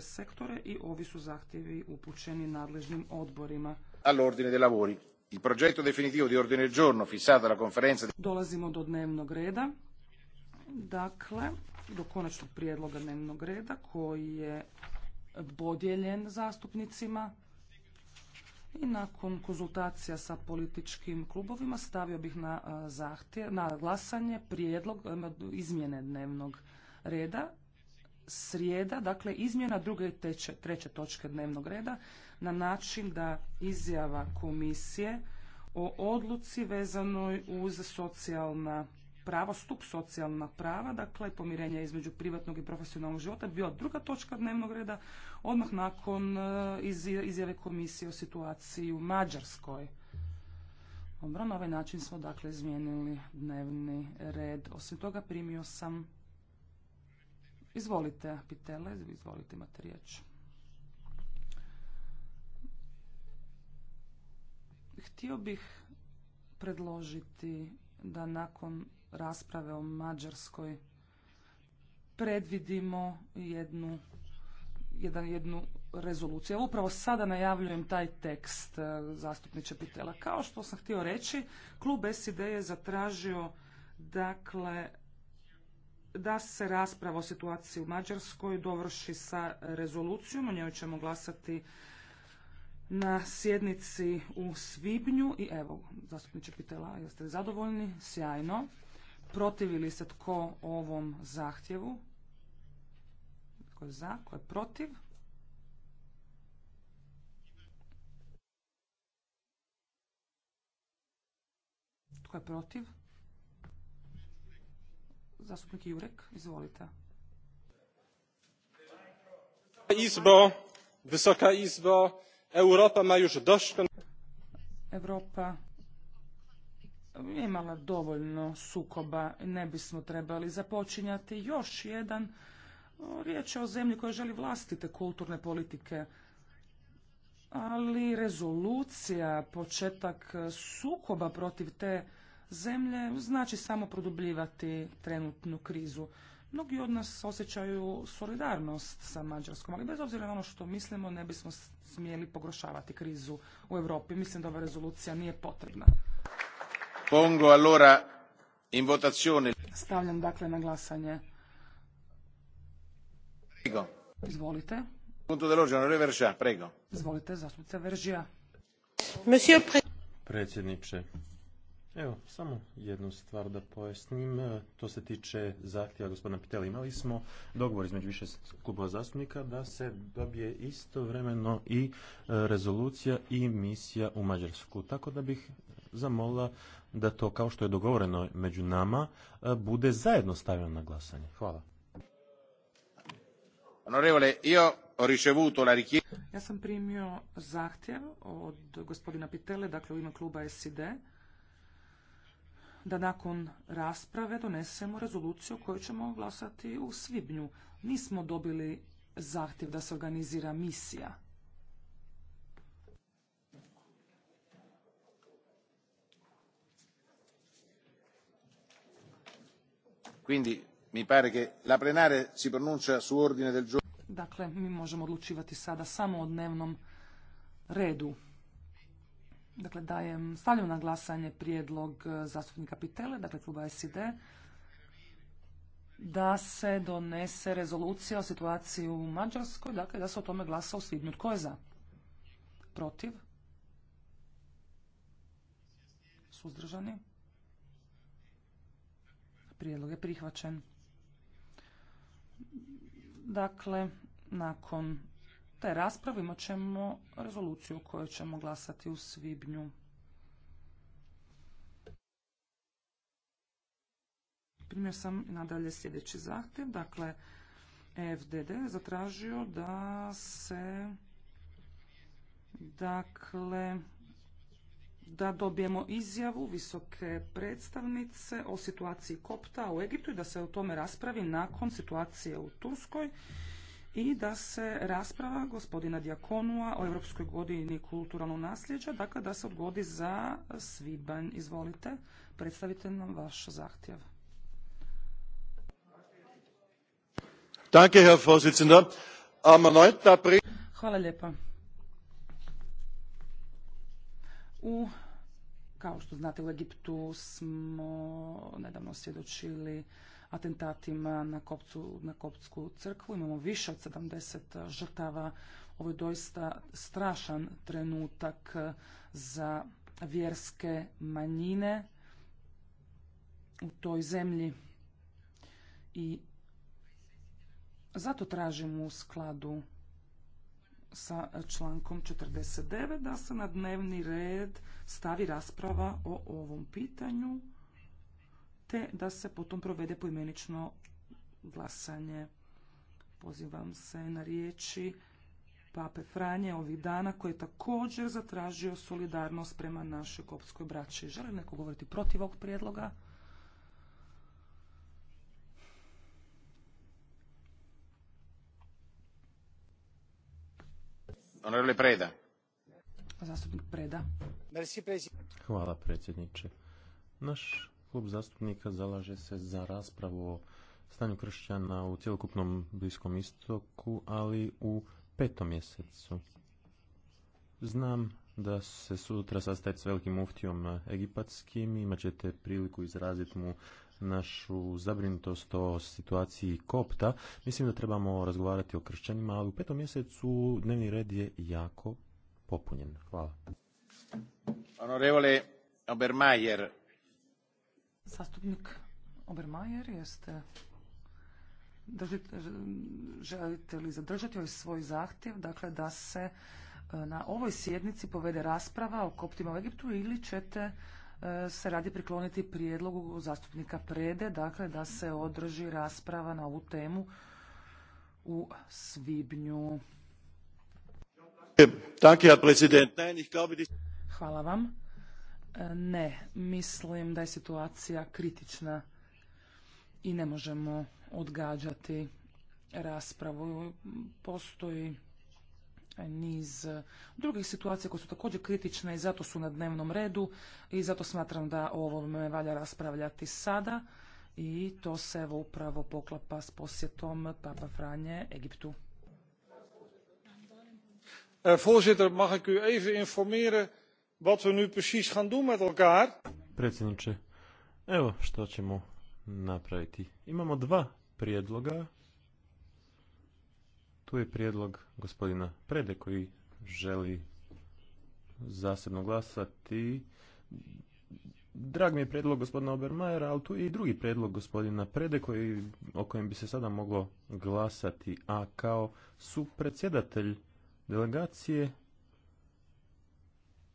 sektore i ovi su zahtjevi upućeni nadležnim odborima. All'ordine dei lavori. Il progetto definitivo di ordine del giorno fissato alla conferenza... Dolazimo do dnevnog reda. Dakle, do konačnog prijedloga dnevnog reda koji je podijeljen zastupnicima i nakon konzultacija sa političkim klubovima stavio bih na, zahtjev, na glasanje prijedlog izmjene dnevnog reda srijeda, dakle izmjena druge i treće točke dnevnog reda na način da izjava komisije o odluci vezanoj uz socijalna prava, stup socijalna prava, dakle pomirenja između privatnog i profesionalnog života, bila druga točka dnevnog reda, odmah nakon e, izjave komisije o situaciji u Mađarskoj. Dobro, na ovaj način smo dakle izmijenili dnevni red. Osim toga primio sam Izvolite, Pitele, izvolite, imate riječ. Htio bih predložiti da nakon rasprave o Mađarskoj predvidimo jednu, jedan, jednu rezoluciju. upravo sada najavljujem taj tekst e, zastupniče Pitela. Kao što sam htio reći, klub SID je zatražio dakle da se rasprava o situaciji u Mađarskoj dovrši sa rezolucijom, o njoj ćemo glasati na sjednici u Svibnju i evo, zastupniče Pitela, jeste li zadovoljni? Sjajno. Protivi li se tko ovom zahtjevu? Tko je za? Tko je protiv? Tko je protiv? Zastupnik Jurek, izvolite. Izbo, Wysoka Izbo, Europa ma już Europa imala dovoljno sukoba, ne bismo trebali započinjati još jedan riječ je o zemlji koja želi vlastite kulturne politike. Ali rezolucija, početak sukoba protiv te zemlje znači samo produbljivati trenutnu krizu. Mnogi od nas osjećaju solidarnost sa Mađarskom, ali bez obzira na ono što mislimo, ne bismo smjeli pogrošavati krizu u Europi. Mislim da ova rezolucija nije potrebna. Pongo allora in votazione. Stavljam dakle na glasanje. Prego. Izvolite. Punto dell'ordine, prego. Izvolite, zastupnica Veržija. Monsieur Predsjedniče, Evo, samo jednu stvar da pojasnim. E, to se tiče zahtjeva gospodina Pitela. Imali smo dogovor između više klubova zastupnika da se dobije istovremeno i e, rezolucija i misija u Mađarsku. Tako da bih zamolila da to, kao što je dogovoreno među nama, e, bude zajedno stavljeno na glasanje. Hvala. Onorevole, io Ja sam primio zahtjev od gospodina Pitele, dakle u ime kluba SID da nakon rasprave donesemo rezoluciju koju ćemo glasati u svibnju. Nismo dobili zahtjev da se organizira misija. Quindi mi pare che la si pronuncia su ordine del giorno. Dakle, mi možemo odlučivati sada samo o dnevnom redu. Dakle, dajem, stavljam na glasanje prijedlog e, zastupnika Pitele, dakle kluba SID, da se donese rezolucija o situaciji u Mađarskoj, dakle da se o tome glasa u svibnju. Tko je za? Protiv? Suzdržani? Prijedlog je prihvaćen. Dakle, nakon te raspravimo imat ćemo rezoluciju o kojoj ćemo glasati u svibnju. Primio sam nadalje sljedeći zahtjev, dakle FDD zatražio da se dakle da dobijemo izjavu visoke predstavnice o situaciji Kopta u Egiptu i da se o tome raspravi nakon situacije u Turskoj i da se rasprava gospodina Dijakonua o Europskoj godini kulturalnog nasljeđa, dakle da se odgodi za svibanj. Izvolite, predstavite nam vaš zahtjev. Hvala lijepa. U, kao što znate, u Egiptu smo nedavno svjedočili atentatima na, kopcu, na Kopsku crkvu. Imamo više od 70 e, žrtava. Ovo je doista strašan trenutak e, za vjerske manjine u toj zemlji i zato tražim u skladu sa člankom 49 da se na dnevni red stavi rasprava o ovom pitanju da se potom provede poimenično glasanje. Pozivam se na riječi Pape Franje ovih dana koji je također zatražio solidarnost prema našoj kopskoj braći. Želi neko govoriti protiv ovog prijedloga? Zastupnik Preda. Hvala predsjedniče. Naš klub zastupnika zalaže se za raspravu o stanju kršćana u cjelokupnom Bliskom istoku, ali u petom mjesecu. Znam da se sutra sastajete s velikim muftijom egipatskim, imat ćete priliku izraziti mu našu zabrinutost o situaciji kopta. Mislim da trebamo razgovarati o kršćanima, ali u petom mjesecu dnevni red je jako popunjen. Hvala. Onorevole Obermajer, Zastupnik Obermajer, jeste... želite li zadržati ovaj svoj zahtjev, dakle da se e, na ovoj sjednici povede rasprava o koptima u Egiptu ili ćete e, se radi prikloniti prijedlogu zastupnika Prede, dakle da se održi rasprava na ovu temu u svibnju. Hvala vam. E, ne, mislim da je situacija kritična i ne možemo odgađati raspravu. Postoji niz drugih situacija koje su također kritične i zato su na dnevnom redu i zato smatram da o ovome valja raspravljati sada i to se evo upravo poklapa s posjetom Papa Franje Egiptu. Eh, voorzitter, ik u wat we nu precies gaan doen met elkaar. Predsjedniče, evo što ćemo napraviti. Imamo dva prijedloga. Tu je prijedlog gospodina Prede koji želi zasebno glasati. Drag mi je prijedlog gospodina Obermajera, ali tu je i drugi prijedlog gospodina Prede koji, o kojem bi se sada moglo glasati. A kao su predsjedatelj delegacije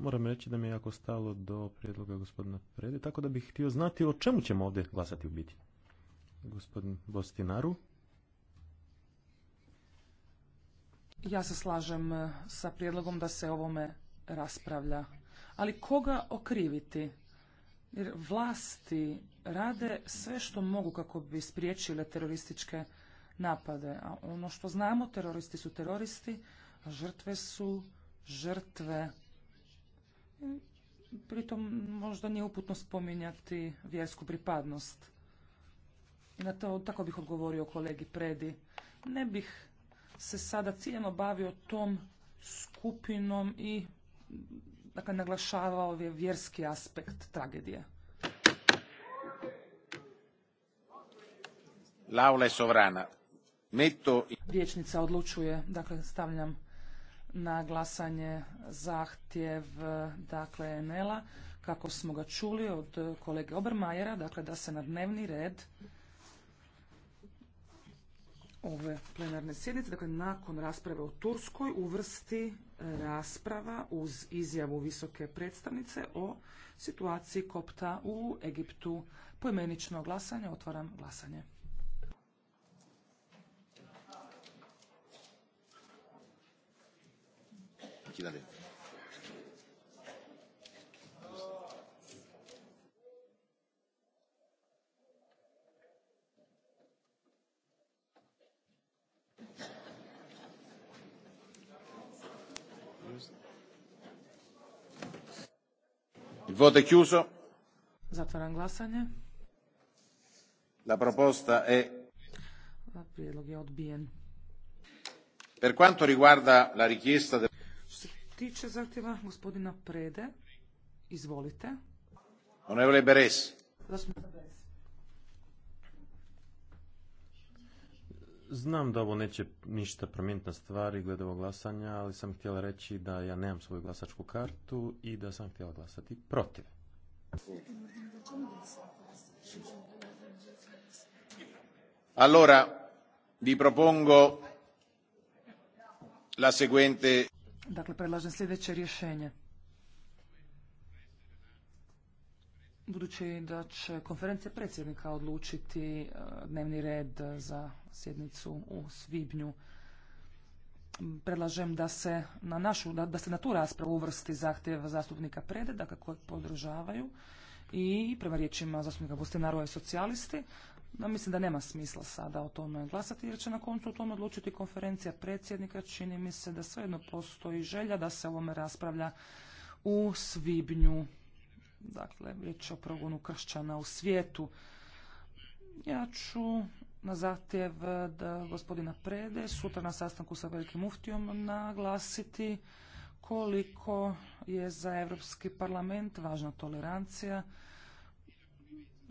Moram reći da mi je jako stalo do prijedloga gospodina Prede, tako da bih htio znati o čemu ćemo ovdje glasati u biti. Gospodin Bostinaru. Ja se slažem eh, sa prijedlogom da se ovome raspravlja. Ali koga okriviti? Jer vlasti rade sve što mogu kako bi spriječile terorističke napade. A ono što znamo, teroristi su teroristi, a žrtve su žrtve. Pritom možda nije uputno spominjati vjersku pripadnost. I na to tako bih odgovorio kolegi Predi. Ne bih se sada ciljeno bavio tom skupinom i dakle, naglašavao je vjerski aspekt tragedije. L'aula je sovrana. Vječnica odlučuje, dakle stavljam na glasanje zahtjev dakle Enela kako smo ga čuli od kolege Obermajera, dakle da se na dnevni red ove plenarne sjednice, dakle nakon rasprave u Turskoj uvrsti rasprava uz izjavu visoke predstavnice o situaciji kopta u Egiptu. Poimenično glasanje, otvaram glasanje. Kidanen. Il voto è chiuso. Zatvaram glasanje. La proposta è La prelog je odbijen. Per quanto riguarda la richiesta del tiče zahtjeva gospodina Prede, izvolite. Honorable Beres. Znam da ovo neće ništa promijeniti na stvari glede ovog glasanja, ali sam htjela reći da ja nemam svoju glasačku kartu i da sam htjela glasati protiv. Allora, vi propongo la seguente Dakle, predlažem sljedeće rješenje. Budući da će konferencija predsjednika odlučiti e, dnevni red za sjednicu u svibnju, predlažem da se na našu, da, da se na tu raspravu uvrsti zahtjev zastupnika Prede, dakle kojeg podržavaju i prema riječima zastupnika Bustinarova i socijalisti, no, mislim da nema smisla sada o tome glasati jer će na koncu o tome odlučiti konferencija predsjednika. Čini mi se da svejedno postoji želja da se ovome raspravlja u svibnju. Dakle, riječ o progonu kršćana u svijetu. Ja ću na zahtjev da gospodina Prede sutra na sastanku sa velikim muftijom naglasiti koliko je za Europski parlament važna tolerancija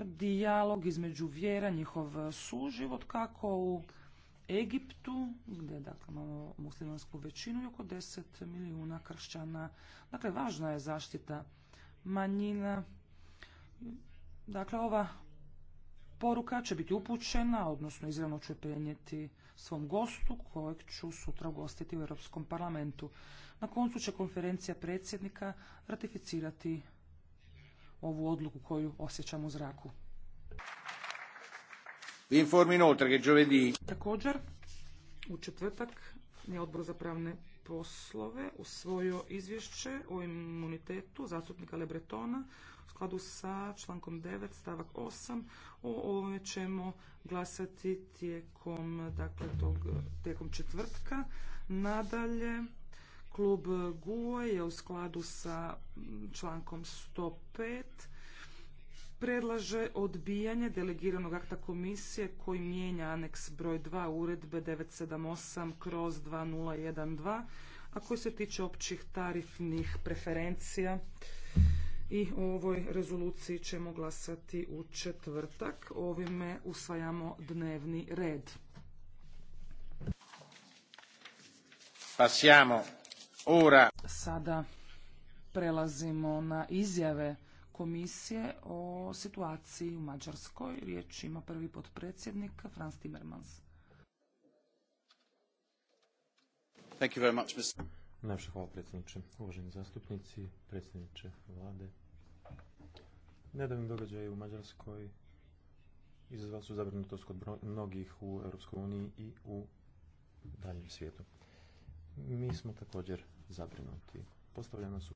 dijalog između vjera, njihov e, suživot, kako u Egiptu, gdje dakle, imamo muslimansku većinu i oko 10 milijuna kršćana. Dakle, važna je zaštita manjina. Dakle, ova poruka će biti upućena, odnosno izravno ću prenijeti svom gostu, kojeg ću sutra gostiti u Europskom parlamentu. Na koncu će konferencija predsjednika ratificirati ovu odluku koju osjećam u zraku. Također, u četvrtak je odbor za pravne poslove usvojio izvješće o imunitetu zastupnika Lebretona u skladu sa člankom 9 stavak 8. O ovome ćemo glasati tijekom, dakle, tijekom četvrtka. Nadalje, Klub GUE je u skladu sa člankom 105 predlaže odbijanje delegiranog akta komisije koji mijenja aneks broj 2 uredbe 978 kroz 2012, a koji se tiče općih tarifnih preferencija. I o ovoj rezoluciji ćemo glasati u četvrtak. Ovime usvajamo dnevni red ora. Sada prelazimo na izjave komisije o situaciji u Mađarskoj. Riječ ima prvi potpredsjednik Franz Timmermans. Thank hvala predsjedniče, uvaženi zastupnici, predsjedniče vlade. Nedavni događaj u Mađarskoj izazvali su zabrinutost kod mnogih u Europskoj Uniji i u daljem svijetu. Mi smo također zabrinuti. Postavljena su